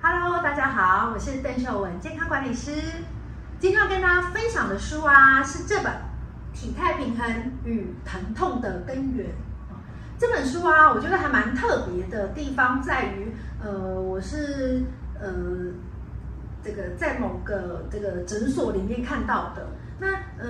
哈嘍，Hello, 大家好，我是鄧琇文健康管理師。今天要跟大家分享的書啊，是這本《體態平衡與疼痛的根源》。這本書啊，我覺得還蠻特別的地方在於，呃，我是呃，這個在某個這個診所裡面看到的。呃，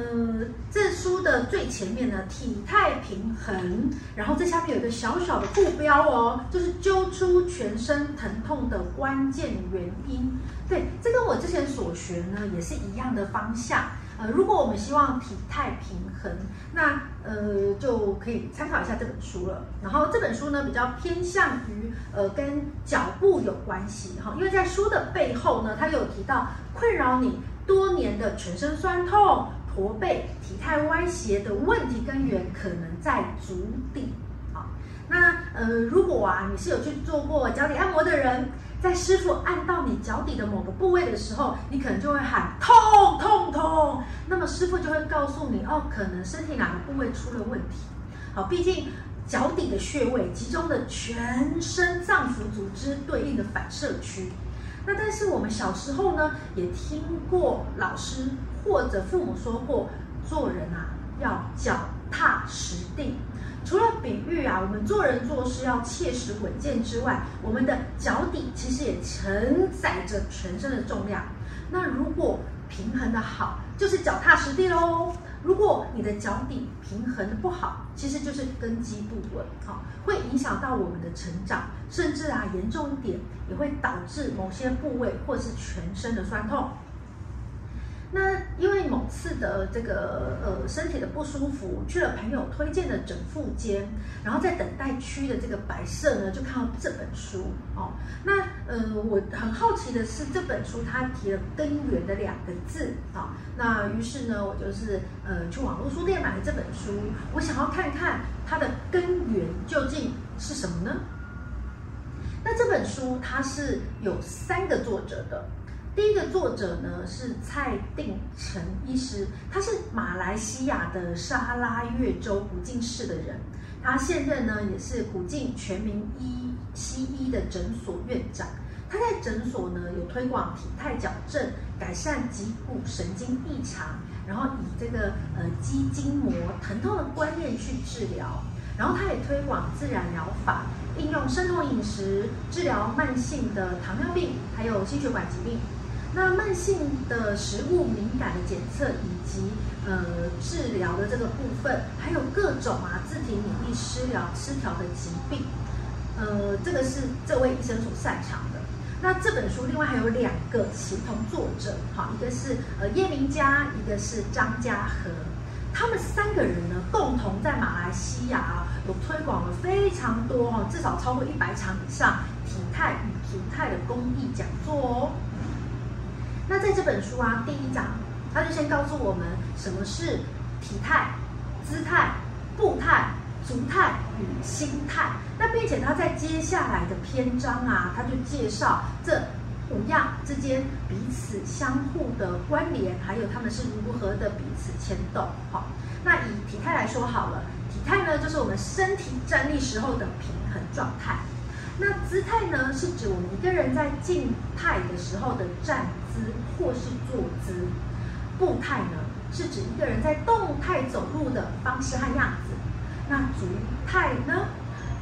這書的最前面呢，體態平衡，然後這下面有一個小小的副標哦，就是揪出全身疼痛的關鍵原因。對，這跟我之前所學呢也是一樣的方向。呃，如果我們希望體態平衡，那呃就可以參考一下這本書了。然後這本書呢比較偏向於呃跟腳步有關係哈，因為在書的背後呢，它有提到困擾你多年的全身酸痛。駝背、體態歪斜的問題根源可能在足底。好，那呃，如果啊你是有去做過腳底按摩的人，在師傅按到你腳底的某個部位的時候，你可能就會喊痛痛痛。那麼師傅就會告訴你，哦，可能身體哪個部位出了問題。好，畢竟腳底的穴位集中了全身臟腑組織對應的反射區。那但是我們小時候呢，也聽過老師或者父母說過，做人啊要腳踏實地。除了比喻啊，我們做人做事要切實穩健之外，我們的腳底其實也承載着全身的重量。那如果平衡得好，就是腳踏實地嘍。如果你的腳底平衡的不好，其實就是根基不穩，哈，會影響到我們的成長，甚至啊嚴重一點，也會導致某些部位或是全身的酸痛。那因為某次的這個呃身體的不舒服，去了朋友推薦的整復間，然後在等待區的這個擺設呢，就看到這本書哦。那呃我很好奇的是這本書它提了根源的兩個字啊，哦。那於是呢，我就是呃去網絡書店買了這本書，我想要看看它的根源究竟是什麼呢？那這本書它是有三個作者的。第一個作者呢是蔡定成醫師，他是馬來西亞的沙拉越州古晉市的人，他現任呢也是古晉全民醫西醫的診所院長。他在診所呢有推廣體態矯正，改善脊骨神經異常，然後以這個呃肌筋膜疼痛的觀念去治療，然後他也推廣自然療法，應用生酮飲食治療慢性的糖尿病，還有心血管疾病。那慢性的食物敏感的檢測以及呃治療的這個部分，還有各種啊自體免疫失調失調的疾病，呃，這個是這位醫生所擅長的。那這本書另外還有兩個偕同作者哈，一個是呃葉明嘉，一個是張嘉和。他們三個人呢共同在馬來西亞啊有推廣了非常多哈，至少超過一百場以上體態與平態的公益講座哦。那在這本書啊，第一章，他就先告訴我們什麼是體態、姿態、步態、足態與心態。那並且他在接下來的篇章啊，他就介紹這五樣之間彼此相互的關聯，還有他們是如何的彼此牽動。好，那以體態來說好了，體態呢，就是我們身體站立時候的平衡狀態。那姿態呢，是指我們一個人在靜態的時候的站姿或是坐姿。步態呢，是指一個人在動態走路的方式和樣子。那足態呢？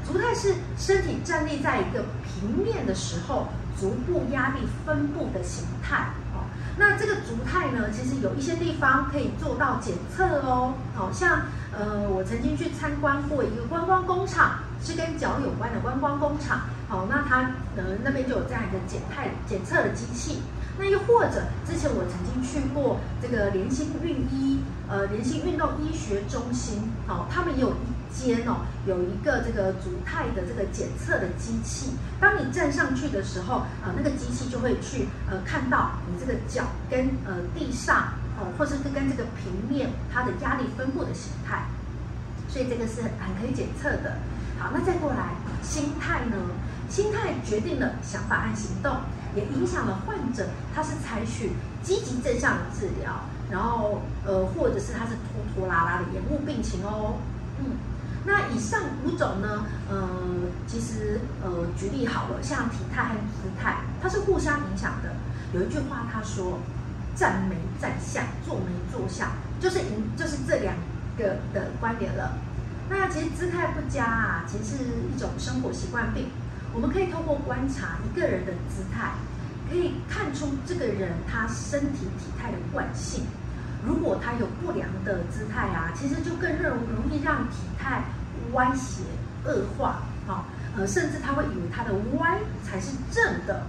足態是身體站立在一個平面的時候，足部壓力分布的形態。哦，那這個足態呢，其實有一些地方可以做到檢測哦。哦，像呃，我曾經去參觀過一個觀光工廠。是跟腳有關的觀光工廠，好、哦，那它的、呃、那邊就有這樣一個檢態檢測的機器。那又或者之前我曾經去過這個聯新運醫，呃，聯新運動醫學中心，好、哦，他們也有一間哦，有一個這個足態的這個檢測的機器。當你站上去的時候，啊、呃，那個機器就會去呃看到你這個腳跟呃地上哦、呃，或者是跟這個平面它的壓力分布的形態，所以這個是很很可以檢測的。好，那再過來，心態呢？心態決定了想法和行動，也影響了患者他是採取積極正向的治療，然後呃，或者是他是拖拖拉拉的延誤病情哦。嗯，那以上五種呢，呃，其實呃，舉例好了，像體態和姿態，它是互相影響的。有一句話他說，站沒站相，坐沒坐相，就是一就是這兩個的觀點了。那其實姿態不佳啊，其實是一種生活習慣病。我們可以通過觀察一個人的姿態，可以看出這個人他身體體態的慣性。如果他有不良的姿態啊，其實就更容容易讓體態歪斜惡化，哦，呃，甚至他會以為他的歪才是正的。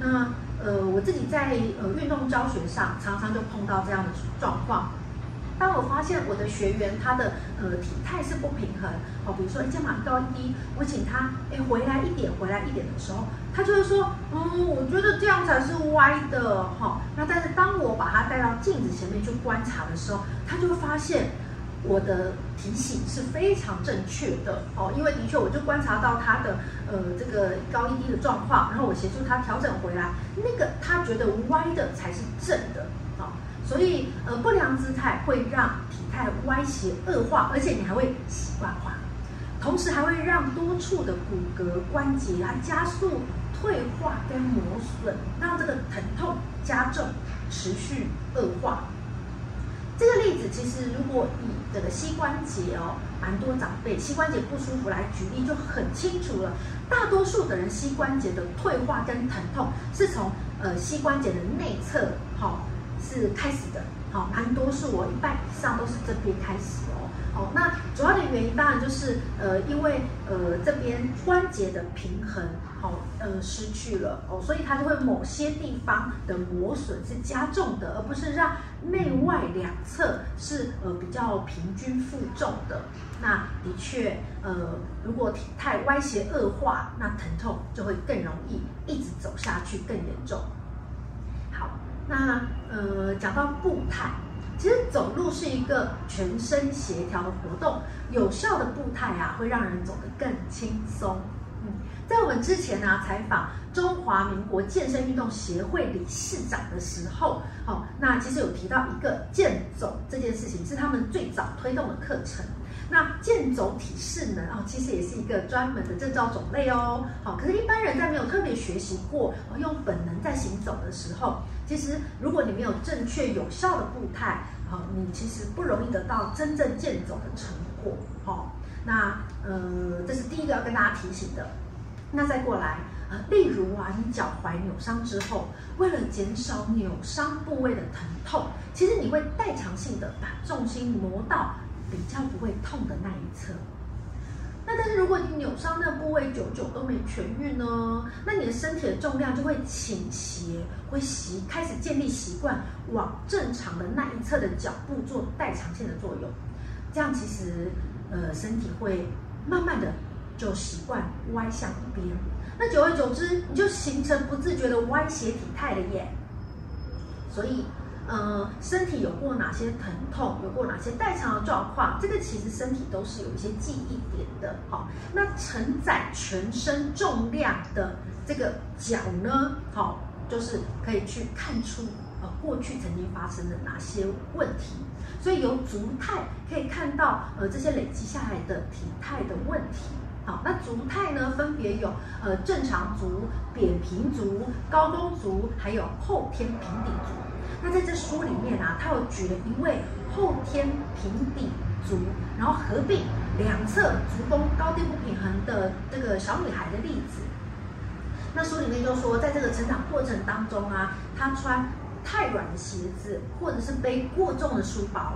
那呃，我自己在呃運動教學上，常常就碰到這樣的狀況。當我發現我的學員他的呃體態是不平衡，哦，比如說哎，肩膀一高一低，我請他哎回來一點，回來一點的時候，他就會說，嗯，我覺得這樣才是歪的哈、哦。那但是當我把他帶到鏡子前面去觀察的時候，他就會發現我的提醒是非常正確的哦，因為的確我就觀察到他的呃這個高一低的狀況，然後我協助他調整回來，那個他覺得歪的才是正的。所以，呃，不良姿態會讓體態歪斜惡化，而且你還會習慣化，同時還會讓多處的骨骼關節它加速退化跟磨損，讓這個疼痛加重、持續惡化。這個例子其實，如果以這個膝關節哦，蠻多長輩膝關節不舒服來舉例，就很清楚了。大多數的人膝關節的退化跟疼痛，是從呃膝關節的內側好。哦是開始的，好、哦，蠻多是我、哦、一半以上都是這邊開始哦，哦，那主要的原因當然就是，呃，因為呃這邊關節的平衡，好、哦，呃，失去了哦，所以它就會某些地方的磨損是加重的，而不是讓內外兩側是呃比較平均負重的。那的確，呃，如果體態歪斜惡化，那疼痛就會更容易一直走下去，更嚴重。那呃，講到步態，其實走路是一個全身協調的活動，有效的步態啊，會讓人走得更輕鬆。嗯，在我們之前呢，採訪中華民國健身運動協會理事長的時候，好，那其實有提到一個健走這件事情，是他們最早推動的課程。那健走體式呢？哦，其實也是一個專門的證照種類哦。好、哦，可是，一般人在沒有特別學習過、哦，用本能在行走的時候，其實如果你沒有正確有效的步態，哦、你其實不容易得到真正健走的成果。哈、哦，那呃，這是第一個要跟大家提醒的。那再過來、呃，例如啊，你腳踝扭傷之後，為了減少扭傷部位的疼痛，其實你會代償性的把重心挪到。比較不會痛的那一側，那但是如果你扭傷那部位，久久都沒痊癒呢，那你的身體的重量就會傾斜，會習開始建立習慣往正常的那一側的腳步做代償性的作用，這樣其實呃身體會慢慢的就習慣歪向一邊，那久而久之你就形成不自覺的歪斜體態了耶，所以。呃，身體有過哪些疼痛，有過哪些代償的狀況，這個其實身體都是有一些記憶點的。好、哦，那承載全身重量的這個腳呢，好、哦，就是可以去看出呃過去曾經發生的哪些問題。所以由足態可以看到呃這些累積下來的體態的問題。好、哦，那足態呢，分別有呃正常足、扁平足、高弓足，還有後天平底足。那在這書裡面啊，他有舉了一位後天平底足，然後合併兩側足弓高低不平衡的這個小女孩的例子。那書裡面就說，在這個成長過程當中啊，她穿太軟的鞋子，或者是背過重的書包，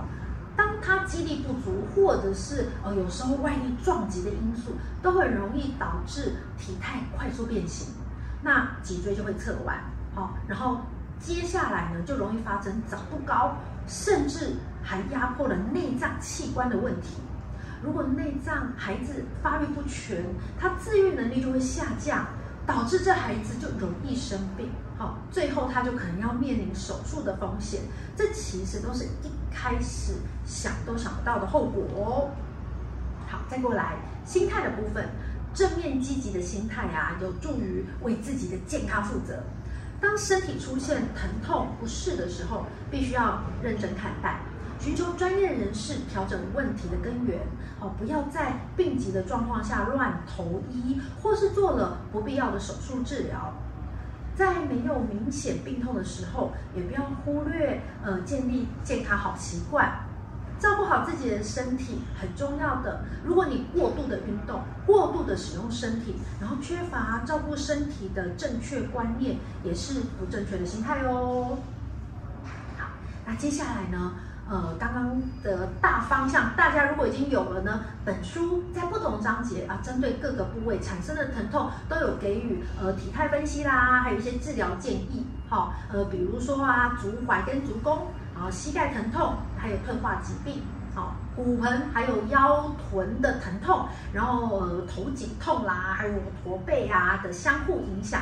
當她肌力不足，或者是呃有時候外力撞擊的因素，都很容易導致體態快速變形，那脊椎就會側彎，好，哦，然後。接下來呢，就容易發生長不高，甚至還壓迫了內臟器官的問題。如果內臟孩子發育不全，他自癒能力就會下降，導致這孩子就容易生病。好、哦，最後他就可能要面臨手術的風險。這其實都是一開始想都想不到的後果、哦、好，再過來心態的部分，正面積極的心態啊，有助於為自己的健康負責。當身體出現疼痛不適的時候，必須要認真看待，尋求專業人士調整問題的根源。哦，不要在病急的狀況下亂投醫，或是做了不必要的手術治療。在沒有明顯病痛的時候，也不要忽略，呃，建立健康好習慣。照顧好自己的身體很重要的。如果你過度的運動、過度的使用身體，然後缺乏照顧身體的正確觀念，也是不正確的心態哦。好，那接下來呢？呃，剛剛的大方向，大家如果已經有了呢，本書在不同章節啊，針對各個部位產生的疼痛，都有給予呃體態分析啦，還有一些治療建議。哦，呃，比如說啊，足踝跟足弓，啊，膝蓋疼痛，還有退化疾病，好、哦，骨盆還有腰臀的疼痛，然後、呃、頭頸痛啦，還有我們駝背啊的相互影響。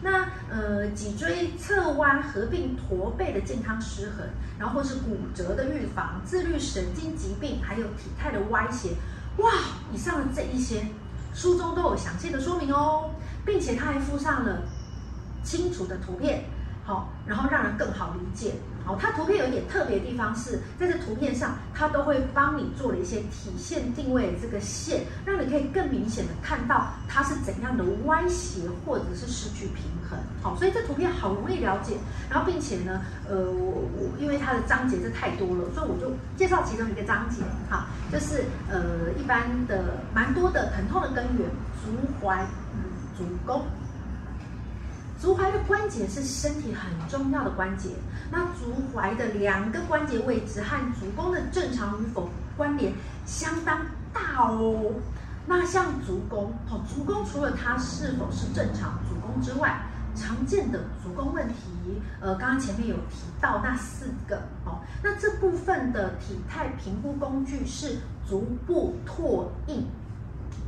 那呃，脊椎側彎合併駝背的健康失衡，然後是骨折的預防，自律神經疾病，還有體態的歪斜。哇，以上的這一些書中都有詳細的說明哦，並且它還附上了清楚的圖片。好，然後讓人更好理解。好，它圖片有一點特別的地方是在這圖片上，它都會幫你做了一些體現定位的這個線，讓你可以更明顯的看到它是怎樣的歪斜或者是失去平衡。好，所以這圖片好容易了解。然後並且呢，呃，我我因為它的章節是太多了，所以我就介紹其中一個章節。哈，就是呃一般的蠻多的疼痛的根源，足踝與足弓。嗯足踝的關節是身體很重要的關節，那足踝的兩個關節位置和足弓的正常與否關聯相當大哦。那像足弓哦，足弓除了它是否是正常足弓之外，常見的足弓問題，呃，剛剛前面有提到那四個哦。那這部分的體態評估工具是足部拓印。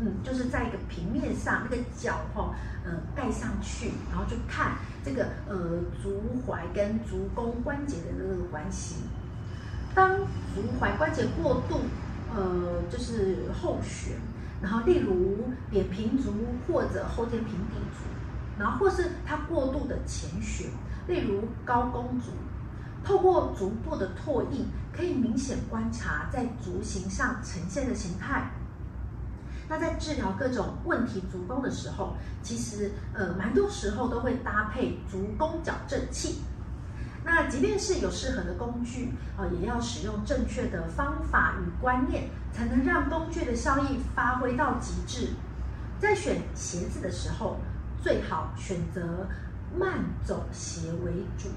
嗯，就是在一個平面上，那個腳哈、哦，嗯、呃，蓋上去，然後就看這個呃足踝跟足弓關節的那個關係。當足踝關節過度，呃，就是後旋，然後例如扁平足或者後天平底足，然後或是它過度的前旋，例如高弓足。透過足部的拓印，可以明顯觀察在足形上呈現的形態。那在治療各種問題足弓的時候，其實呃蠻多時候都會搭配足弓矯正器。那即便是有適合的工具啊，哦，也要使用正確的方法與觀念，才能讓工具的效益發揮到極致。在選鞋子的時候，最好選擇慢走鞋為主。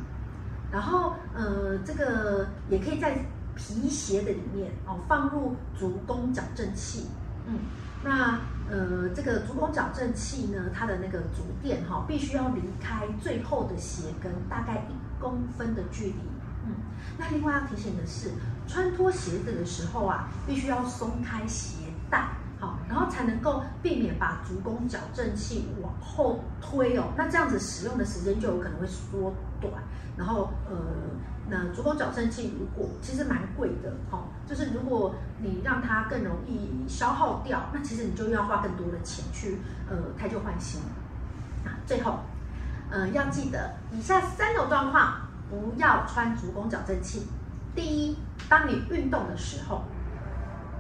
然後呃，這個也可以在皮鞋的裡面哦，放入足弓矯正器。嗯。那呃，這個足弓矯正器呢，它的那個足墊哈，必須要離開最後的鞋跟大概一公分的距離。嗯，那另外要提醒的是，穿脫鞋子的時候啊，必須要鬆開鞋帶，好，然後才能夠避免把足弓矯正器往後推哦。那這樣子使用的時間就有可能會縮短。然後呃，那足弓矯正器如果其實蠻貴的哈。就是如果你讓它更容易消耗掉，那其實你就要花更多的錢去呃汰舊換新啊。最後，嗯、呃，要記得以下三種狀況不要穿足弓矯正器：第一，當你運動的時候；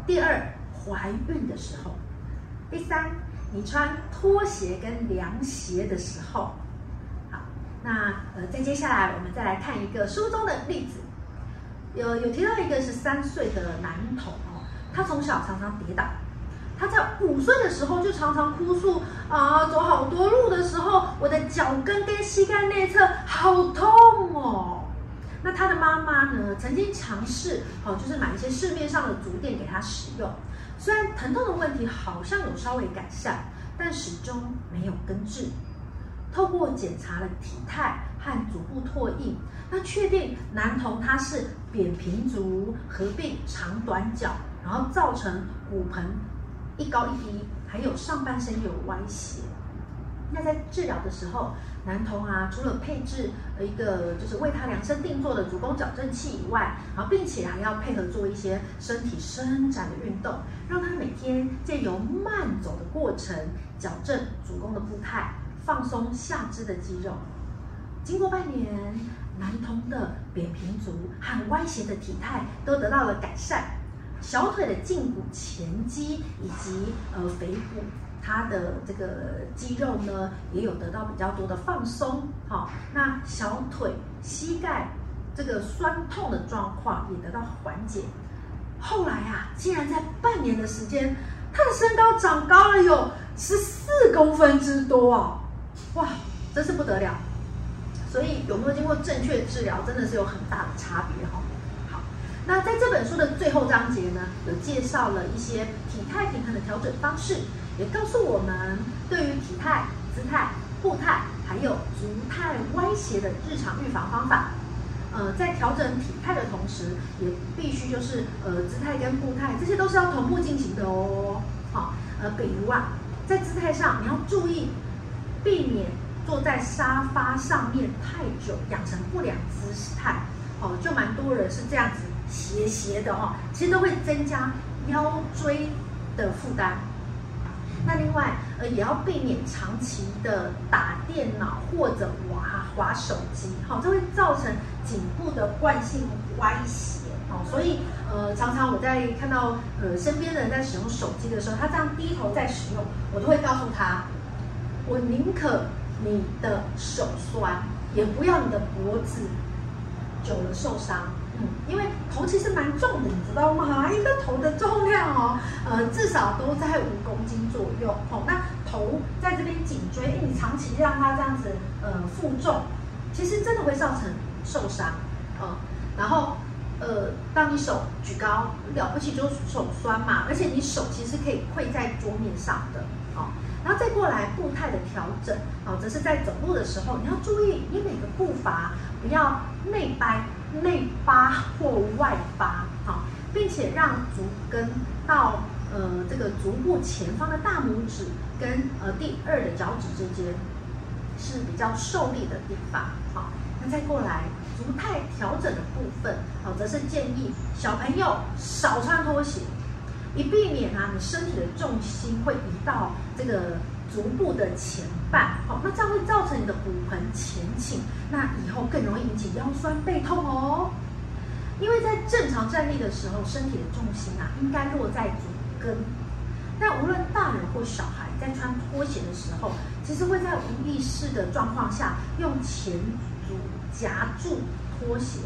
第二，懷孕的時候；第三，你穿拖鞋跟涼鞋的時候。好，那呃，再接下來我們再來看一個書中的例子。有有提到一個十三歲的男童哦，他從小常常跌倒，他在五歲的時候就常常哭訴啊，走好多路的時候，我的腳跟跟膝蓋內側好痛哦。那他的媽媽呢，曾經嘗試哦，就是買一些市面上的足墊給他使用，雖然疼痛的問題好像有稍微改善，但始終沒有根治。透過檢查了體態和足部拓印，那確定男童他是扁平足合併長短腳，然後造成骨盆一高一低，還有上半身有歪斜。那在治療的時候，男童啊，除了配置一個就是為他量身定做的足弓矯正器以外，然後並且還要配合做一些身體伸展的運動，讓他每天借由慢走的過程矯正足弓的步態。放鬆下肢的肌肉，經過半年，男童的扁平足和歪斜的體態都得到了改善。小腿的脛骨前肌以及呃腓骨，他的這個肌肉呢也有得到比較多的放鬆。好，那小腿、膝蓋這個酸痛的狀況也得到緩解。後來啊，竟然在半年的時間，他的身高長高了有十四公分之多哦、啊。哇，真是不得了！所以有沒有經過正確治療，真的是有很大的差別哈。好，那在這本書的最後章節呢，有介紹了一些體態平衡的調整方式，也告訴我們對於體態、姿態、步態還有足態歪斜的日常預防方法。呃，在調整體態的同時，也必須就是呃姿態跟步態這些都是要同步進行的哦。好、哦，呃，比如啊，在姿態上你要注意。避免坐在沙發上面太久，養成不良姿態，哦、就蠻多人是這樣子斜斜的，哦，其實都會增加腰椎的負擔。那另外，呃，也要避免長期的打電腦或者滑滑手機，哈，哦，這會造成頸部的慣性歪斜，哦，所以，呃，常常我在看到呃身邊的人在使用手機的時候，他這樣低頭在使用，我都會告訴他，我寧可你的手痠，也不要你的脖子久了受傷。嗯，因為頭其實蠻重的，你知道嗎？哎，一個頭的重量哦，呃，至少都在五公斤左右。哦，那頭在這邊頸椎，因為你長期讓它這樣子呃負重，其實真的會造成受傷。呃，然後呃，當你手舉高，了不起就是手痠嘛，而且你手其實可以跪在桌面上的。然後再過來步態的調整，好、哦，則是在走路的時候，你要注意你每個步伐不要內掰、內八或外八好、哦，並且讓足跟到呃這個足部前方的大拇指跟呃第二的腳趾之間是比較受力的地方，好、哦，那再過來足態調整的部分，好、哦，則是建議小朋友少穿拖鞋，以避免啊你身體的重心會移到。這個足部的前半哦，那這樣會造成你的骨盆前傾，那以後更容易引起腰痠背痛哦。因為在正常站立的時候，身體的重心啊，應該落在足跟。那無論大人或小孩，在穿拖鞋的時候，其實會在無意識的狀況下用前足夾住拖鞋，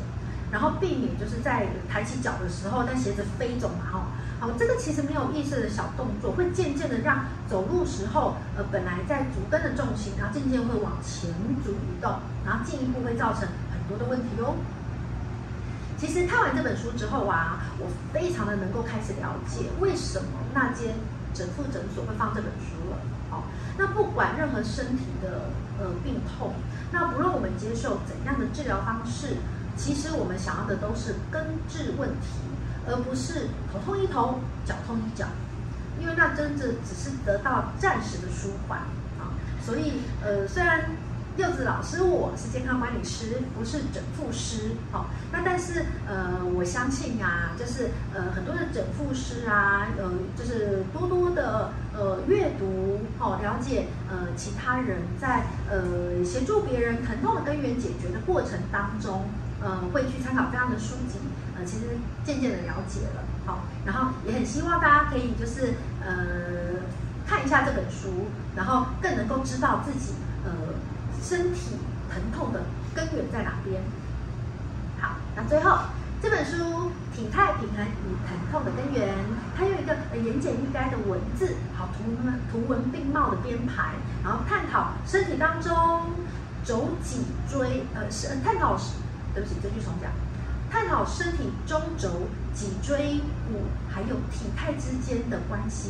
然後避免就是在抬起腳的時候，那鞋子飛走嘛，哦。好，這個其實沒有意識的小動作，會漸漸的讓走路時候，呃，本來在足跟的重心，然後漸漸會往前足移動，然後進一步會造成很多的問題哦。其實看完這本書之後啊，我非常的能夠開始了解，為什麼那間整復診所會放這本書了。好、哦，那不管任何身體的呃病痛，那不論我們接受怎樣的治療方式，其實我們想要的都是根治問題。而不是頭痛醫頭，腳痛醫腳，因為那真的只是得到暫時的舒緩啊、哦。所以呃，雖然柚子老師我是健康管理師，不是整復師，好、哦，那但是呃，我相信啊，就是呃，很多的整復師啊，呃，就是多多的呃閱讀哦，了解呃其他人在呃協助別人疼痛的根源解決的過程當中，呃，會去參考這樣的書籍。其實漸漸的了解了，好、哦，然後也很希望大家可以就是呃看一下這本書，然後更能夠知道自己呃身體疼痛的根源在哪邊。好，那最後這本書《體態平衡與疼痛的根源》，它用一個、呃、言簡意賅的文字，好圖文圖文並茂的編排，然後探討身體當中軸脊椎呃是探討是，對不起，這句重講。探討身體中軸、脊椎骨還有體態之間的關係。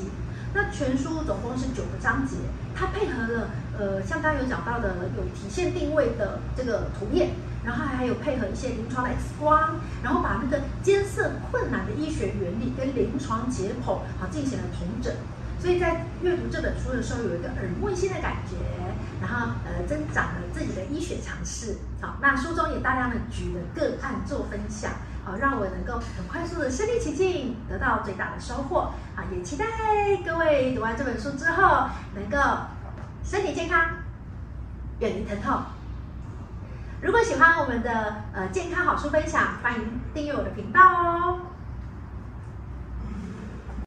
那全書總共是九個章節，它配合了呃，像剛剛有講到的有體現定位的這個圖片，然後還有配合一些臨床的 X 光，然後把那個艱澀困難的醫學原理跟臨床解剖好進行了同整，所以在閱讀這本書的時候有一個耳目一新的感覺。然後，呃，增長了自己的醫學常識。好、哦，那書中也大量的舉了個案做分享，好、哦，讓我能夠很快速的身臨其境，得到最大的收穫。好、哦，也期待各位讀完這本書之後，能夠身體健康，遠離疼痛。如果喜歡我們的呃，健康好書分享，歡迎訂閱我的頻道哦。